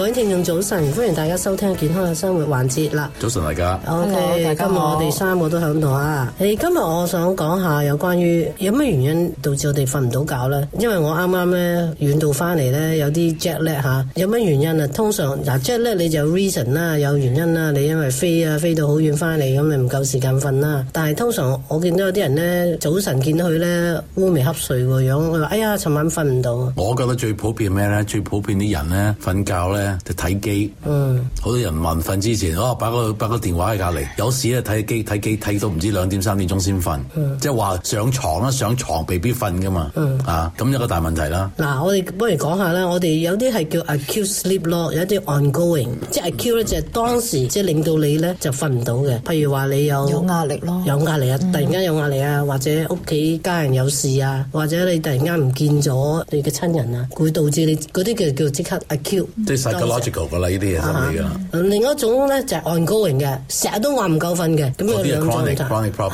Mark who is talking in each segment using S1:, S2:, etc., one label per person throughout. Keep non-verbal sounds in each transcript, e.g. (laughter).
S1: 各位聽眾早晨，歡迎大家收聽健康嘅生活環節啦。
S2: 早晨大
S1: 家，OK，今日我哋三個都響度啊。誒，今日我想講下有關於有咩原因導致我哋瞓唔到覺咧？因為我啱啱咧遠道翻嚟咧，有啲 jet lag 吓，有咩原因啊？通常，嗱 jet lag 你就有 reason 啦，有原因啦。你因為飛啊，飛到好遠翻嚟，咁你唔夠時間瞓啦。但係通常我見到有啲人咧，早晨見到佢咧，烏眉瞌睡個樣，佢話：哎呀，尋晚瞓唔到
S2: 啊。我覺得最普遍咩咧？最普遍啲人咧，瞓覺咧。就睇機，
S1: 嗯，
S2: 好多人問瞓之前，哦，擺個擺個電話喺隔離，有時咧睇機睇機睇到唔知兩點三點鐘先瞓，嗯，即係話上床啦，上床未必瞓噶嘛，嗯，啊，咁有個大問題啦。
S1: 嗱，我哋不如講下啦，我哋有啲係叫 acute sleep 咯、嗯，有啲 ongoing，即係 acute 咧、嗯、就係、是、當時即係、就是、令到你咧就瞓唔到嘅。譬如話你有有壓力咯，有壓力啊，嗯、突然間有壓力啊，或者屋企家人有事啊，或者你突然間唔見咗你嘅親人啊，會導致你嗰啲叫叫即刻 acute、
S2: 嗯。logical
S1: 噶啦，呢啲係嗰啲啦。另一種咧就係、是、ongoing 嘅，成日都話唔夠瞓嘅。咁、oh, 有兩種就係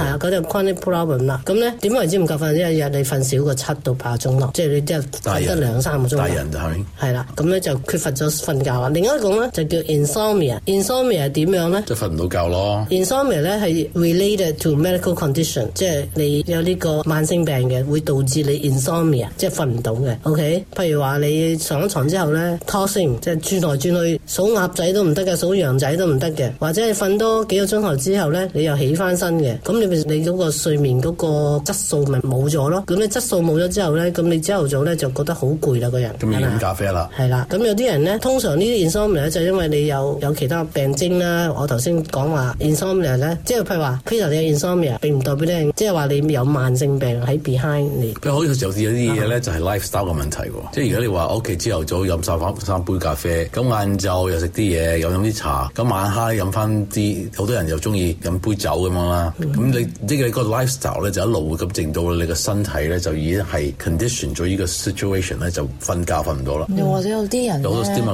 S1: 啊，嗰啲 chronic, chronic problem 啦。咁咧點為之唔夠瞓？因為日你瞓少過七到八個鐘咯，即、就、係、是、你即係瞓得兩三個鐘。大人係係啦，咁咧就缺乏咗瞓覺啦。 (music) 另一種咧就叫 insomnia。insomnia 係點樣咧？就瞓
S2: 唔到覺咯。
S1: insomnia 咧係 related to medical condition，即係你有呢個慢性病嘅，會導致你 insomnia，即係瞓唔到嘅。OK，譬如話你上咗床之後咧，tossing 即係。轉來轉去數鴨仔都唔得嘅，數羊仔都唔得嘅，或者係瞓多幾個鐘頭之後咧，你又起翻身嘅，咁你你個睡眠嗰個質素咪冇咗咯？咁你質素冇咗之後咧，咁你朝頭早咧就覺得好攰啦，個人係咪？咁要飲咖啡啦？係啦，咁有啲人咧，通常呢啲 insomnia 咧就因為你有有其他病徵啦。我頭先講話 insomnia 咧，即係譬如話 Peter 你有 insomnia，並唔代表咧，即係話你有慢性病喺 behind 你。
S2: 佢好多時候有啲嘢咧就係 lifestyle 嘅問題喎，即係，嗯，如果你話我屋企朝頭早飲三三杯咖啡。咁晏晝又食啲嘢，又飲啲茶；咁晚黑飲翻啲，好多人又中意飲杯酒咁樣啦。咁、mm-hmm. 你即係個 lifestyle 咧，就一路咁整到你個身體咧，就已經係 condition 咗呢個 situation 咧，就瞓覺瞓唔到啦。又、嗯、或者
S1: 有啲人，晏晝瞓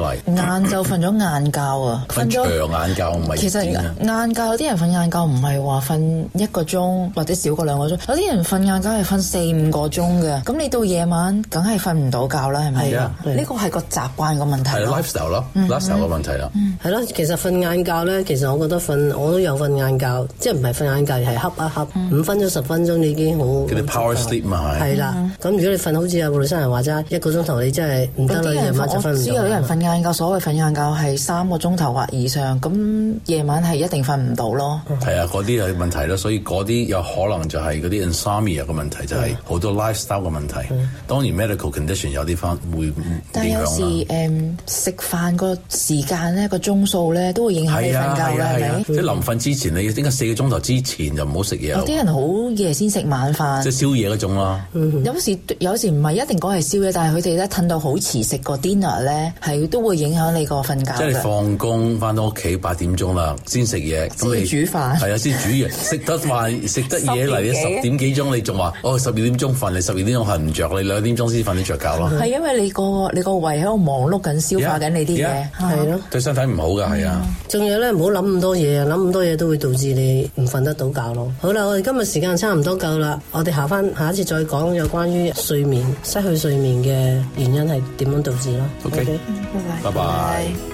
S1: 咗晏覺
S2: 啊，瞓長晏覺唔係。其實
S1: 晏覺有啲人瞓晏覺唔係話瞓一個鐘或者少過兩個鐘，有啲人瞓晏覺係瞓四五個鐘嘅。咁你到夜晚梗係瞓唔到覺啦，係咪啊？呢個係個習慣嘅問題。
S2: 有咯 l i f 問題咯。
S1: 係、嗯、咯、嗯嗯，其實瞓晏覺咧，其實我覺得瞓我都有瞓晏覺，即係唔係瞓晏覺，係恰一恰，五分鐘、十分鐘，你已經好。嗰
S2: 啲 power sleep 嘛，係。係、嗯、啦，
S1: 咁、嗯、如果你瞓好似有個醫生話齋，一個鐘頭你真係唔得啦，夜、嗯、晚就瞓唔到。我、嗯、啲人瞓晏覺，所謂瞓晏覺係三個鐘頭或以上，咁夜晚係一定瞓唔到
S2: 咯。係、嗯、啊，嗰啲係問題咯，所以嗰啲有可能就係嗰啲 insomnia 嘅問題，就係、是、好多 lifestyle 嘅問題、嗯。當然 medical condition 有啲方會影響，但有時、
S1: 嗯嗯飯個時間咧，個鐘數咧，都會影響你瞓覺啦，係咪、啊啊啊啊嗯？
S2: 即係臨瞓之前，你要點解四個鐘頭之前就唔好食嘢？有啲
S1: 人好夜先食晚飯，即係宵夜嗰種咯、啊嗯嗯。有時有時唔係一定講係宵夜，但係佢哋咧，瞓到好遲食個 dinner 咧，係都會影響你個瞓覺的。即係你放
S2: 工翻到屋企八點鐘啦，先食嘢，咁你煮飯係啊，先煮嘢，食 (laughs) 得飯食得嘢嚟啊，十點幾鐘你仲話哦，十二點鐘瞓，你十二點鐘瞓唔着，你兩點鐘先瞓得着覺咯。係、
S1: 嗯、因為你個你個胃喺度忙碌緊消化緊。嘅係咯，yeah.
S2: 對，對身體唔好噶係啊。
S1: 仲有咧，唔好諗咁多嘢啊！諗咁多嘢都會導致你唔瞓得到覺咯。好啦，我哋今日時間差唔多夠啦，我哋下翻下一次再講有關於睡眠失去睡眠嘅原因係點樣導致咯。OK，
S2: 拜拜。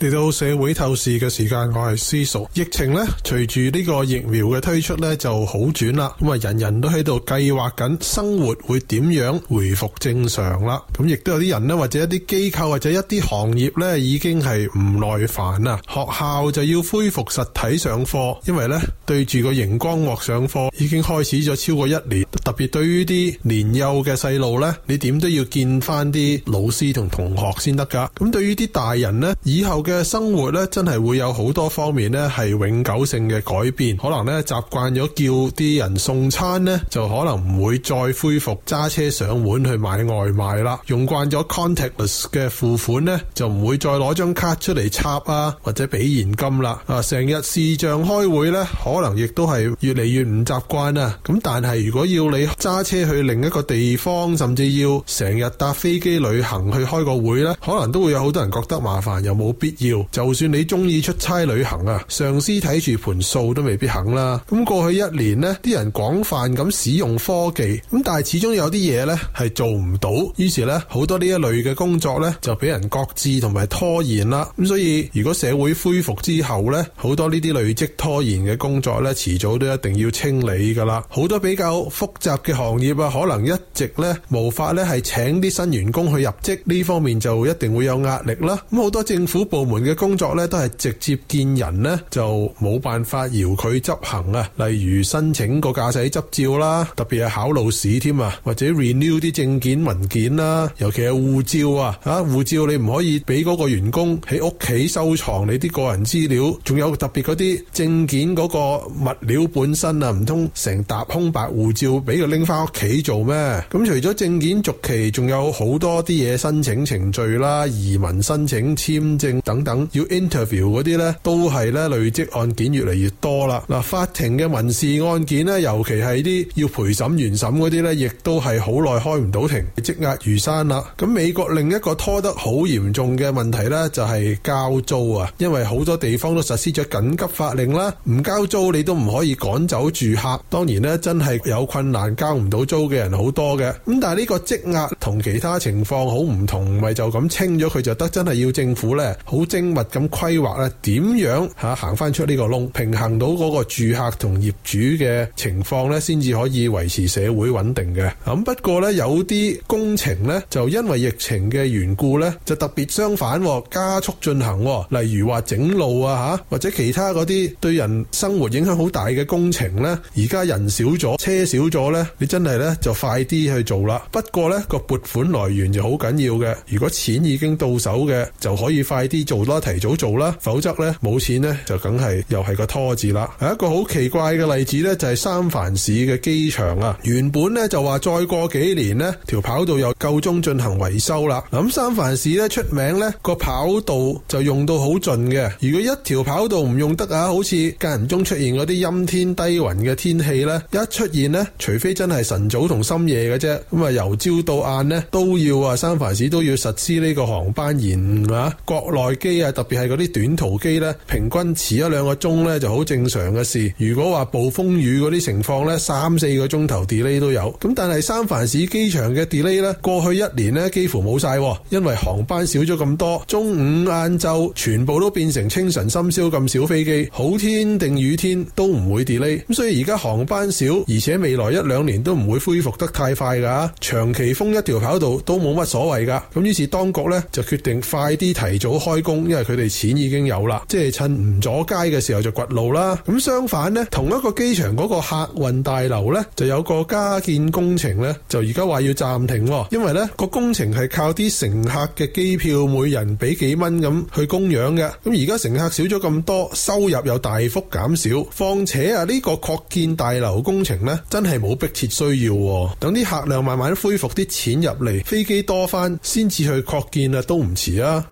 S3: 嚟到社會透視嘅時間，我係思熟。疫情咧，隨住呢個疫苗嘅推出咧，就好轉啦。咁啊，人人都喺度計劃緊生活會點樣回復正常啦。咁亦都有啲人咧，或者一啲機構或者一啲行業咧，已經係唔耐煩啦。學校就要恢復實體上課，因為咧對住個熒光幕上課已經開始咗超過一年。特別對於啲年幼嘅細路咧，你點都要見翻啲老師同同學先得㗎。咁對於啲大人咧，以後嘅生活咧，真係會有好多方面咧，係永久性嘅改變。可能咧習慣咗叫啲人送餐咧，就可能唔會再恢復揸車上門去買外賣啦。用慣咗 contactless 嘅付款咧，就唔會再攞張卡出嚟插啊，或者俾現金啦。啊，成日視像開會咧，可能亦都係越嚟越唔習慣啊。咁但係如果要你揸車去另一個地方，甚至要成日搭飛機旅行去開個會咧，可能都會有好多人覺得麻煩，又冇必。要就算你中意出差旅行啊，上司睇住盤數都未必肯啦。咁過去一年呢啲人廣泛咁使用科技，咁但係始終有啲嘢呢係做唔到，於是呢，好多呢一類嘅工作呢就俾人擱置同埋拖延啦。咁所以如果社會恢復之後呢，好多呢啲累積拖延嘅工作呢，遲早都一定要清理噶啦。好多比較複雜嘅行業啊，可能一直呢無法呢係請啲新員工去入職，呢方面就一定會有壓力啦。咁好多政府部門門嘅工作咧，都係直接見人咧，就冇辦法遙距執行啊。例如申請個駕駛執照啦，特別係考路試添啊，或者 renew 啲證件文件啦，尤其係護照啊，吓護照你唔可以俾嗰個員工喺屋企收藏你啲個人資料，仲有特別嗰啲證件嗰個物料本身啊，唔通成沓空白護照俾佢拎翻屋企做咩？咁除咗證件續期，仲有好多啲嘢申請程序啦，移民申請簽證等。等，等要 interview 嗰啲咧，都係咧，累積案件越嚟越多啦。嗱，法庭嘅民事案件咧，尤其係啲要陪審員審嗰啲咧，亦都係好耐開唔到庭，積壓如山啦。咁美國另一個拖得好嚴重嘅問題咧，就係交租啊，因為好多地方都實施咗緊急法令啦，唔交租你都唔可以趕走住客。當然咧，真係有困難交唔到租嘅人好多嘅。咁但係呢個積壓同其他情況好唔同，咪就咁清咗佢就得，真係要政府咧好。精密咁規劃咧，點樣吓行翻出呢個窿，平衡到嗰個住客同業主嘅情況咧，先至可以維持社會穩定嘅。咁不過咧，有啲工程咧就因為疫情嘅緣故咧，就特別相反加速進行。例如話整路啊吓，或者其他嗰啲對人生活影響好大嘅工程咧，而家人少咗，車少咗咧，你真係咧就快啲去做啦。不過咧個撥款來源就好緊要嘅，如果錢已經到手嘅，就可以快啲做。提早做啦，否則咧冇錢咧就梗係又係個拖字啦。係一個好奇怪嘅例子咧，就係三藩市嘅機場啊。原本咧就話再過幾年咧條跑道又夠鐘進行維修啦。咁三藩市咧出名咧個跑道就用到好盡嘅。如果一條跑道唔用得啊，好似間唔中出現嗰啲陰天低雲嘅天氣咧，一出現咧，除非真係晨早同深夜嘅啫，咁啊由朝到晏咧都要啊，三藩市都要實施呢個航班延誤啊，嗯、國內機。機啊，特別係嗰啲短途機咧，平均遲一兩個鐘咧就好正常嘅事。如果話暴風雨嗰啲情況咧，三四個鐘頭 delay 都有。咁但係三藩市機場嘅 delay 呢，過去一年呢幾乎冇晒，因為航班少咗咁多，中午晏晝全部都變成清晨深宵，咁少飛機，好天定雨天都唔會 delay。咁所以而家航班少，而且未來一兩年都唔會恢復得太快噶，長期封一條跑道都冇乜所謂噶。咁於是當局咧就決定快啲提早開工。因為佢哋錢已經有啦，即係趁唔阻街嘅時候就掘路啦。咁相反呢，同一個機場嗰個客運大樓呢，就有個加建工程呢，就而家話要暫停喎。因為呢個工程係靠啲乘客嘅機票，每人俾幾蚊咁去供養嘅。咁而家乘客少咗咁多，收入又大幅減少。況且啊，呢個擴建大樓工程呢，真係冇迫切需要喎。等啲客量慢慢恢復，啲錢入嚟，飛機多翻，先至去擴建啊，都唔遲啊。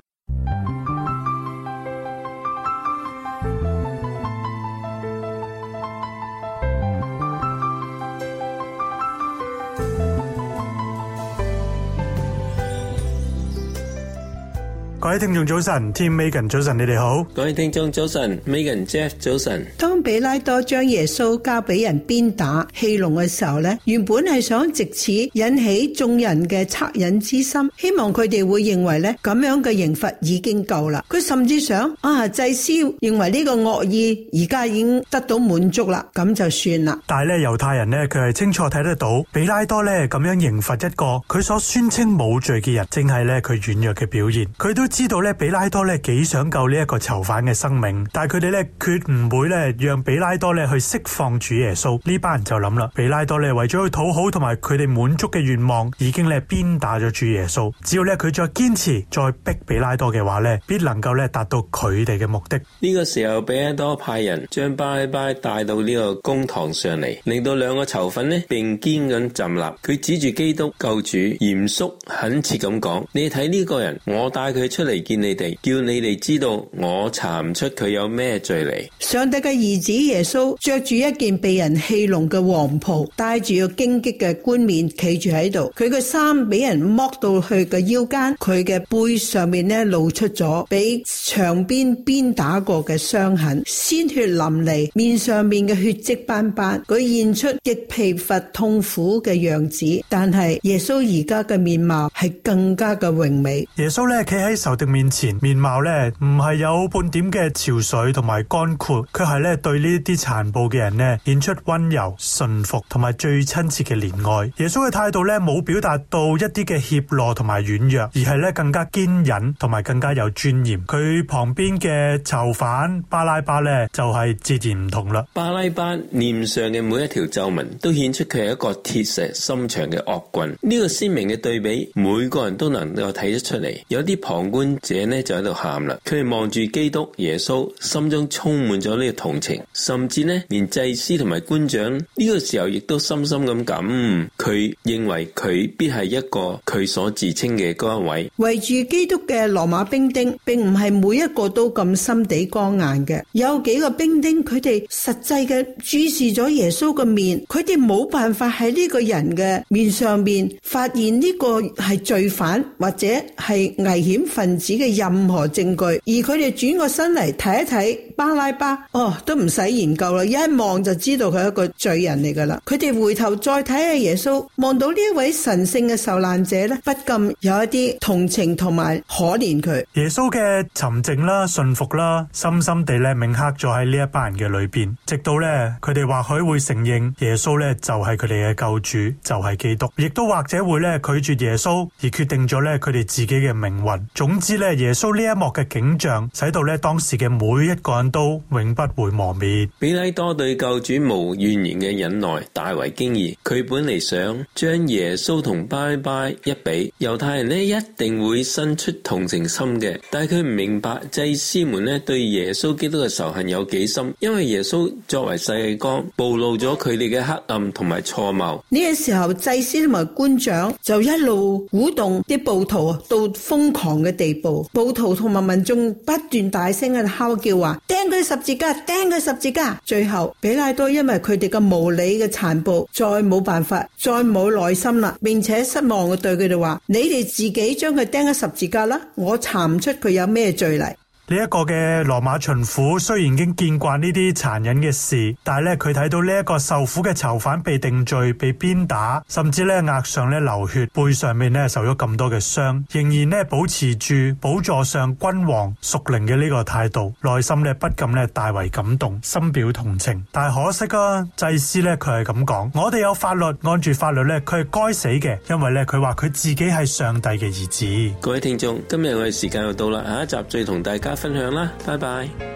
S4: 各位聽眾早晨，Tim Megan 早晨，
S5: 你哋好。各位聽眾早晨，Megan Jeff 早晨。
S6: 當比拉多將耶穌交俾人鞭打、欺凌嘅時候呢，原本係想藉此引起眾人嘅惻隱之心，希望佢哋會認為呢咁樣嘅刑罰已經夠啦。佢甚至想啊，祭司認為呢個惡意而家已經得到滿足啦，咁就算
S4: 啦。但係咧，猶太人呢，佢係清楚睇得到，比拉多咧咁樣刑罰一個佢所宣稱冇罪嘅人，正係呢佢軟弱嘅表現。佢都。知道咧，彼拉多咧幾想救呢一個囚犯嘅生命，但係佢哋咧決唔會咧讓彼拉多咧去釋放主耶穌。呢班人就諗啦，彼拉多咧為咗去討好同埋佢哋滿足嘅願望，已經咧鞭打咗主耶穌。只要咧佢再堅持再逼彼拉多嘅話咧，必能夠咧達到佢哋嘅目的。
S5: 呢個時候，彼拉多派人將拜拜帶到呢個公堂上嚟，令到兩個囚犯呢並肩咁站立。佢指住基督救主，嚴肅懇切咁講：你睇呢個人，我帶佢出。嚟見你哋，叫你哋知道我查唔出佢有咩罪嚟。
S6: 上帝嘅兒子耶穌着住一件被人戲弄嘅黃袍，戴住個荊棘嘅冠冕，企住喺度。佢嘅衫俾人剝到佢嘅腰間，佢嘅背上面呢露出咗俾長鞭鞭打過嘅傷痕，鮮血淋漓，面上面嘅血跡斑斑。佢現出極疲乏痛苦嘅樣子，但係耶穌而家嘅面貌係更加嘅榮美。
S4: 耶穌呢企喺的面前面貌咧，唔係有半點嘅憔悴同埋乾涸，卻係咧對呢啲殘暴嘅人咧，顯出溫柔、順服同埋最親切嘅憐愛。耶穌嘅態度咧，冇表達到一啲嘅怯懦同埋軟弱，而係咧更加堅忍同埋更加有尊嚴。佢旁邊嘅囚犯巴拉巴咧，就係截然唔同
S5: 啦。巴拉巴面上嘅每一條皺紋，都顯出佢係一個鐵石心腸嘅惡棍。呢個鮮明嘅對比，每個人都能夠睇得出嚟。有啲旁觀。者呢就喺度喊啦，佢哋望住基督耶穌，心中充滿咗呢個同情，甚至呢連祭司同埋官長呢個時候亦都深深咁感悟。佢認為佢必係一個佢所自稱嘅嗰一位。
S6: 圍住基督嘅羅馬兵丁，並唔係每一個都咁心地剛硬嘅，有幾個兵丁佢哋實際嘅注視咗耶穌嘅面，佢哋冇辦法喺呢個人嘅面上面發現呢個係罪犯或者係危險犯子嘅任何證據，而佢哋轉過身嚟睇一睇。巴拉巴哦，都唔使研究啦，一望就知道佢係一個罪人嚟噶啦。佢哋回頭再睇下耶穌，望到呢一位神聖嘅受難者咧，不禁有一啲同情同埋可憐佢。
S4: 耶穌嘅沉靜啦、順服啦，深深地咧銘刻咗喺呢一班人嘅裏邊。直到咧，佢哋或許會承認耶穌咧就係佢哋嘅救主，就係基督；亦都或者會咧拒絕耶穌，而決定咗咧佢哋自己嘅命運。總之咧，耶穌呢一幕嘅景象，使到咧當時嘅每一個人，都永不會磨滅。
S5: 彼拉多對救主無怨言嘅忍耐大為驚異。佢本嚟想將耶穌同拜拜一比，猶太人呢一定會伸出同情心嘅。但係佢唔明白祭司們呢對耶穌基督嘅仇恨有幾深，因為耶穌作為世界光，暴露咗佢哋嘅黑暗同埋錯謬。
S6: 呢、這個時候，祭司同埋官長就一路鼓動啲暴徒啊到瘋狂嘅地步，暴徒同埋民眾不斷大聲嘅嚎叫話。釘佢十字架！釘佢十字架！最後比拉多因為佢哋嘅無理嘅殘暴，再冇辦法，再冇耐心啦，並且失望嘅對佢哋話：你哋自己將佢釘喺十字架啦，我查唔出佢有咩罪嚟。
S4: 呢一個嘅羅馬巡撫雖然已經見慣呢啲殘忍嘅事，但係咧佢睇到呢一個受苦嘅囚犯被定罪、被鞭打，甚至咧額上咧流血、背上面咧受咗咁多嘅傷，仍然咧保持住寶座上君王屬靈嘅呢個態度，內心咧不禁咧大為感動，深表同情。但係可惜啊，祭司咧佢係咁講：我哋有法律，按住法律咧佢係該死嘅，因為咧佢話佢自己係上帝嘅兒
S5: 子。各位聽眾，今日我哋時間又到啦，下一集再同大家。分享啦，拜拜。